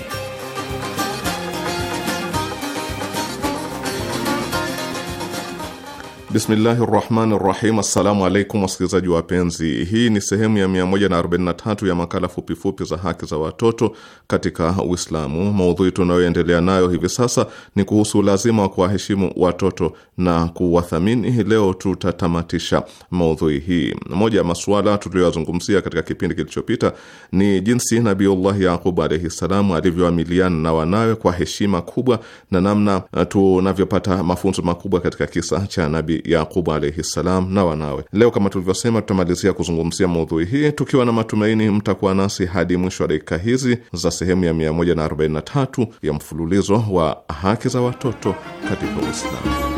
Bismillahi rahmani rahim. Assalamu alaikum wasikilizaji wapenzi, hii ni sehemu ya 143 ya makala fupifupi za haki za watoto katika Uislamu. Maudhui tunayoendelea nayo hivi sasa ni kuhusu ulazima wa kuwaheshimu watoto na kuwathamini. Leo tutatamatisha maudhui hii. Moja ya masuala tuliyoyazungumzia katika kipindi kilichopita ni jinsi Nabiullahi Yaqub alaihi ssalam alivyoamiliana na wanawe kwa heshima kubwa na namna eh, tunavyopata mafunzo makubwa katika kisa cha nabi Yaqubu alaihi ssalam na wanawe. Leo kama tulivyosema, tutamalizia kuzungumzia maudhui hii tukiwa na matumaini mtakuwa nasi hadi mwisho wa dakika hizi za sehemu ya 143 ya mfululizo wa haki za watoto katika Uislamu.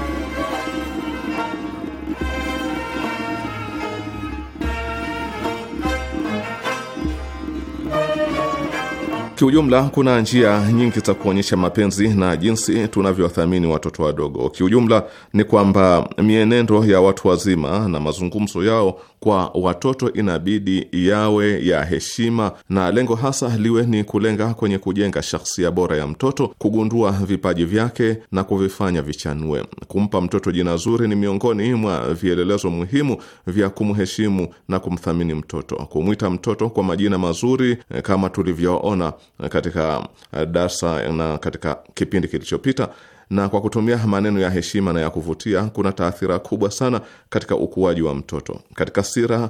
Kiujumla, kuna njia nyingi za kuonyesha mapenzi na jinsi tunavyowathamini watoto wadogo. Kiujumla ni kwamba mienendo ya watu wazima na mazungumzo yao kwa watoto inabidi yawe ya heshima na lengo hasa liwe ni kulenga kwenye kujenga shahsia bora ya mtoto, kugundua vipaji vyake na kuvifanya vichanue. Kumpa mtoto jina zuri ni miongoni mwa vielelezo muhimu vya kumheshimu na kumthamini mtoto. Kumwita mtoto kwa majina mazuri eh, kama tulivyoona eh, katika eh, darsa na katika kipindi kilichopita na kwa kutumia maneno ya heshima na ya kuvutia kuna taathira kubwa sana katika ukuaji wa mtoto. Katika sira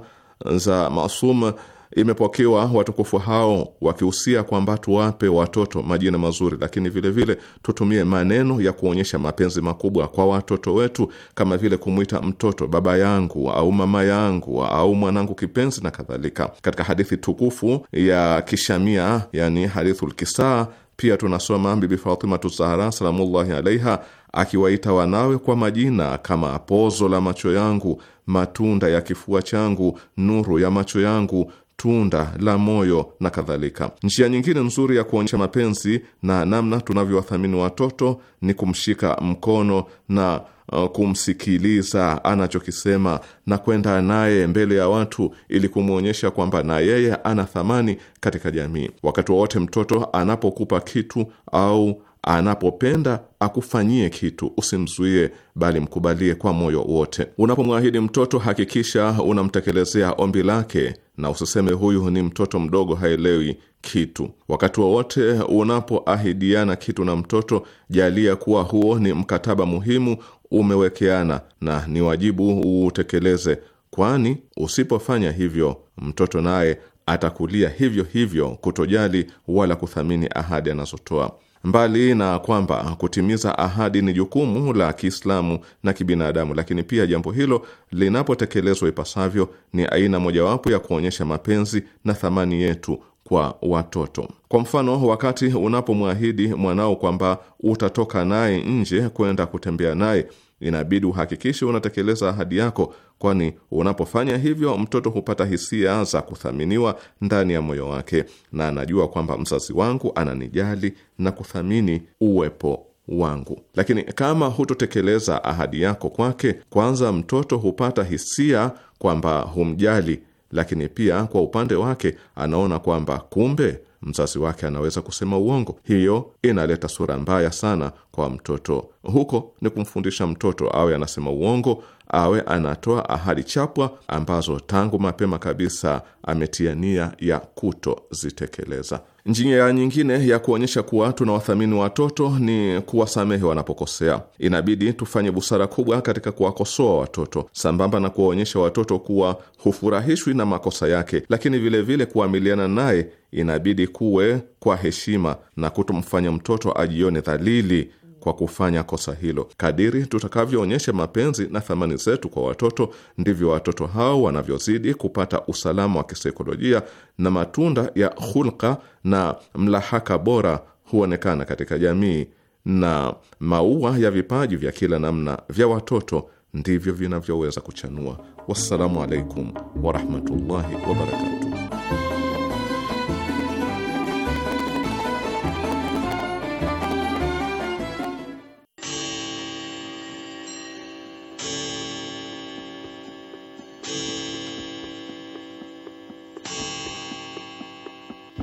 za Masum imepokewa watukufu hao wakihusia kwamba tuwape watoto majina mazuri, lakini vilevile vile tutumie maneno ya kuonyesha mapenzi makubwa kwa watoto wetu, kama vile kumwita mtoto baba yangu au mama yangu au mwanangu kipenzi na kadhalika. Katika hadithi tukufu ya Kishamia, yani hadithul Kisaa pia tunasoma Bibi Fatimatu Zahra salamullahi alaiha akiwaita wanawe kwa majina kama pozo la macho yangu, matunda ya kifua changu, nuru ya macho yangu tunda la moyo na kadhalika. Njia nyingine nzuri ya kuonyesha mapenzi na namna tunavyowathamini watoto ni kumshika mkono na uh, kumsikiliza anachokisema na kwenda naye mbele ya watu ili kumwonyesha kwamba na yeye ana thamani katika jamii. Wakati wowote mtoto anapokupa kitu au anapopenda akufanyie kitu, usimzuie, bali mkubalie kwa moyo wote. Unapomwahidi mtoto, hakikisha unamtekelezea ombi lake na usiseme huyu ni mtoto mdogo haelewi kitu. Wakati wowote unapoahidiana kitu na mtoto, jalia kuwa huo ni mkataba muhimu umewekeana, na ni wajibu uutekeleze, kwani usipofanya hivyo mtoto naye atakulia hivyo hivyo, kutojali wala kuthamini ahadi anazotoa. Mbali na kwamba kutimiza ahadi ni jukumu la Kiislamu na kibinadamu, lakini pia jambo hilo linapotekelezwa ipasavyo ni aina mojawapo ya kuonyesha mapenzi na thamani yetu kwa watoto. Kwa mfano, wakati unapomwahidi mwanao kwamba utatoka naye nje kwenda kutembea naye inabidi uhakikishe unatekeleza ahadi yako, kwani unapofanya hivyo mtoto hupata hisia za kuthaminiwa ndani ya moyo wake, na anajua kwamba mzazi wangu ananijali na kuthamini uwepo wangu. Lakini kama hutotekeleza ahadi yako kwake, kwanza mtoto hupata hisia kwamba humjali, lakini pia kwa upande wake anaona kwamba kumbe mzazi wake anaweza kusema uongo. Hiyo inaleta sura mbaya sana kwa mtoto. Huko ni kumfundisha mtoto awe anasema uongo, awe anatoa ahadi chapwa ambazo tangu mapema kabisa ametia nia ya kutozitekeleza. Njia nyingine ya kuonyesha kuwa tunawathamini watoto ni kuwasamehe wanapokosea. Inabidi tufanye busara kubwa katika kuwakosoa watoto, sambamba na kuwaonyesha watoto kuwa hufurahishwi na makosa yake, lakini vilevile kuamiliana naye inabidi kuwe kwa heshima na kutomfanya mtoto ajione dhalili kwa kufanya kosa hilo. Kadiri tutakavyoonyesha mapenzi na thamani zetu kwa watoto, ndivyo watoto hao wanavyozidi kupata usalama wa kisaikolojia na matunda ya hulka na mlahaka bora huonekana katika jamii, na maua ya vipaji vya kila namna vya watoto ndivyo vinavyoweza kuchanua. Wassalamu alaikum warahmatullahi wabarakatuh.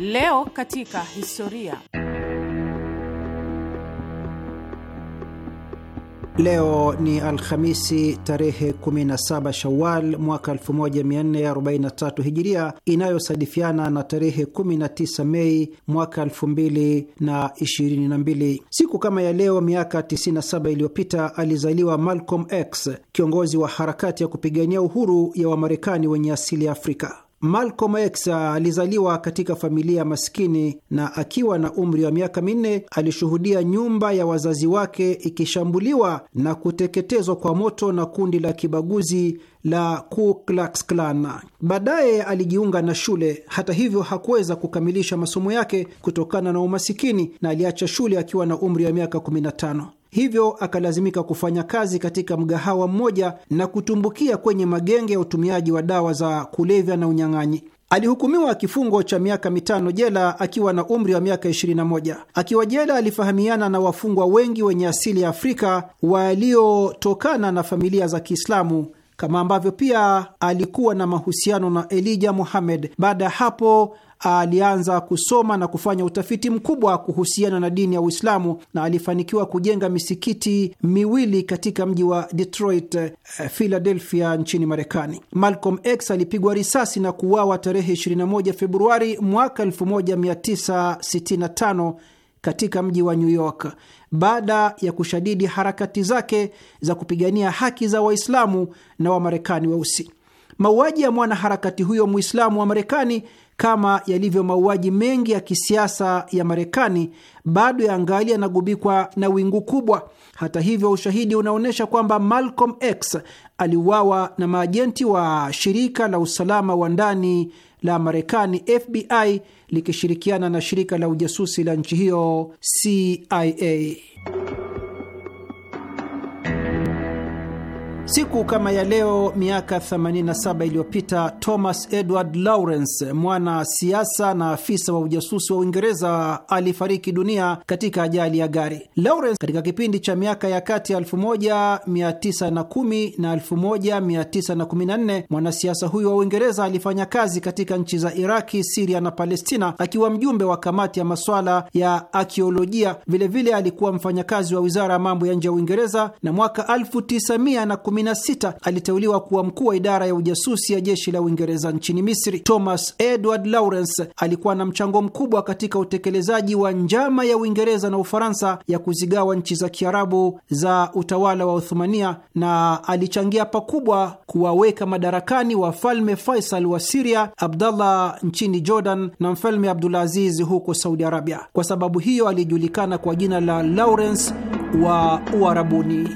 Leo katika historia. Leo ni Alhamisi tarehe 17 Shawal mwaka 1443 Hijiria, inayosadifiana na tarehe 19 Mei mwaka 2022. Siku kama ya leo miaka 97 iliyopita alizaliwa Malcolm X, kiongozi wa harakati ya kupigania uhuru ya Wamarekani wenye asili ya Afrika. Malcolm X alizaliwa katika familia maskini na akiwa na umri wa miaka minne alishuhudia nyumba ya wazazi wake ikishambuliwa na kuteketezwa kwa moto na kundi la kibaguzi la Ku Klux Klan. Baadaye alijiunga na shule. Hata hivyo, hakuweza kukamilisha masomo yake kutokana na umasikini na aliacha shule akiwa na umri wa miaka 15 hivyo akalazimika kufanya kazi katika mgahawa mmoja na kutumbukia kwenye magenge ya utumiaji wa dawa za kulevya na unyang'anyi. Alihukumiwa kifungo cha miaka mitano jela akiwa na umri wa miaka 21. Akiwa jela, alifahamiana na wafungwa wengi wenye asili ya Afrika waliotokana na familia za Kiislamu, kama ambavyo pia alikuwa na mahusiano na Elijah Muhammad. Baada ya hapo alianza kusoma na kufanya utafiti mkubwa kuhusiana na dini ya Uislamu na alifanikiwa kujenga misikiti miwili katika mji wa Detroit, eh, Philadelphia nchini Marekani. Malcolm X alipigwa risasi na kuuawa tarehe 21 Februari mwaka 1965 katika mji wa New York baada ya kushadidi harakati zake za kupigania haki za Waislamu na Wamarekani weusi. Mauaji ya mwanaharakati huyo Muislamu wa Marekani kama yalivyo mauaji mengi ya kisiasa ya Marekani, bado ya ngali yanagubikwa na wingu kubwa. Hata hivyo, ushahidi unaonyesha kwamba Malcolm X aliuawa na maajenti wa shirika la usalama wa ndani la Marekani FBI likishirikiana na shirika la ujasusi la nchi hiyo CIA. Siku kama ya leo miaka 87 iliyopita Thomas Edward Lawrence, mwana siasa na afisa wa ujasusi wa Uingereza, alifariki dunia katika ajali ya gari. Lawrence katika kipindi cha miaka ya kati ya 1910 na 1914, mwanasiasa huyo wa Uingereza alifanya kazi katika nchi za Iraki, Siria na Palestina akiwa mjumbe wa kamati ya maswala ya akiolojia. Vilevile alikuwa mfanyakazi wa wizara ya mambo ya nje ya Uingereza na mwaka 1910 16 aliteuliwa kuwa mkuu wa idara ya ujasusi ya jeshi la Uingereza nchini Misri. Thomas Edward Lawrence alikuwa na mchango mkubwa katika utekelezaji wa njama ya Uingereza na Ufaransa ya kuzigawa nchi za Kiarabu za utawala wa Uthumania na alichangia pakubwa kuwaweka madarakani wafalme Faisal wa Siria, Abdallah nchini Jordan na mfalme Abdulaziz huko Saudi Arabia. Kwa sababu hiyo alijulikana kwa jina la Lawrence wa Uarabuni.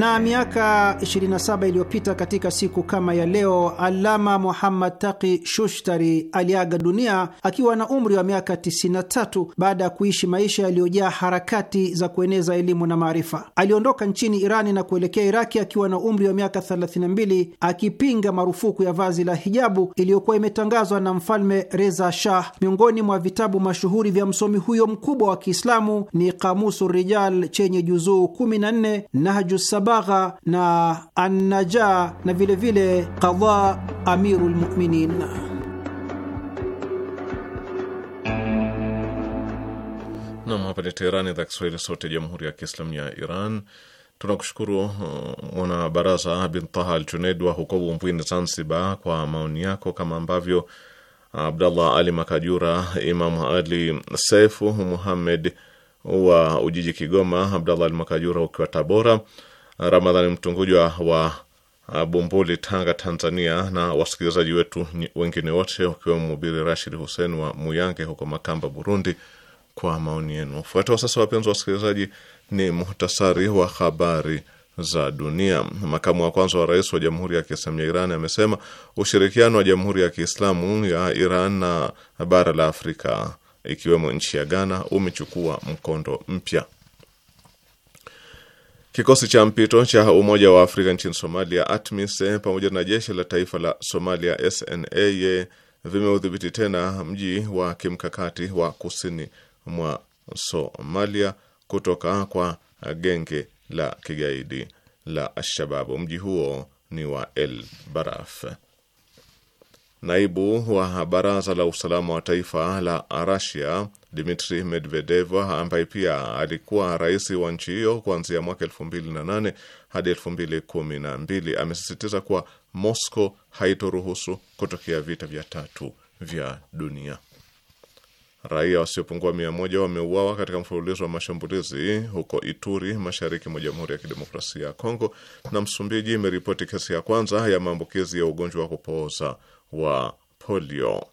Na miaka 27 iliyopita katika siku kama ya leo, Alama Muhammad Taqi Shushtari aliaga dunia akiwa na umri wa miaka 93 baada ya kuishi maisha yaliyojaa harakati za kueneza elimu na maarifa. Aliondoka nchini Irani na kuelekea Iraki akiwa na umri wa miaka 32 akipinga marufuku ya vazi la hijabu iliyokuwa imetangazwa na Mfalme Reza Shah. Miongoni mwa vitabu mashuhuri vya msomi huyo mkubwa wa Kiislamu ni Kamusu Rijal chenye juzuu 14 Nahju Saba Albagha na Annaja na vilevile Qadha Amirul Muminin. Nam, hapa ni Teherani, idhaa Kiswahili, sauti ya jamhuri ya kiislamu ya Iran. Tunakushukuru uh, mwanabaraza bin Taha al Junaid wa huko Bumbwini, Zanzibar, kwa maoni yako, kama ambavyo Abdallah Ali Makajura, Imam Ali Saifu Muhammed wa Ujiji, Kigoma, Abdallah Ali Makajura ukiwa Tabora, Ramadhani Mtungujwa wa uh, Bumbuli, Tanga, Tanzania, na wasikilizaji wetu wengine wote wakiwemo mubiri Rashid Hussein wa Muyange huko Makamba, Burundi, kwa maoni yenu. Fuatao sasa, wapenzi wa wasikilizaji, ni muhtasari wa habari za dunia. Makamu wa kwanza wa rais wa Jamhuri ya Kiislamu ya Iran amesema ushirikiano wa Jamhuri ya Kiislamu ya Iran na bara la Afrika ikiwemo nchi ya Ghana umechukua mkondo mpya. Kikosi cha mpito cha Umoja wa Afrika nchini Somalia, ATMIS, pamoja na jeshi la taifa la Somalia, SNA, vimeudhibiti tena mji wa kimkakati wa kusini mwa Somalia kutoka kwa genge la kigaidi la Alshababu. Mji huo ni wa El Baraf. Naibu wa baraza la usalama wa taifa la Rasia Dmitri Medvedev, ambaye pia alikuwa rais wa nchi hiyo kuanzia mwaka nane hadi mbili amesisitiza kuwa Moscow haitoruhusu kutokea vita vya tatu vya dunia. Raia wasiopungua mia moja wameuawa katika mfululizo wa mashambulizi huko Ituri, mashariki mwa Jamhuri ya Kidemokrasia ya Kongo, na Msumbiji imeripoti kesi ya kwanza ya maambukizi ya ugonjwa wa kupooza wa polio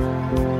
Thank you.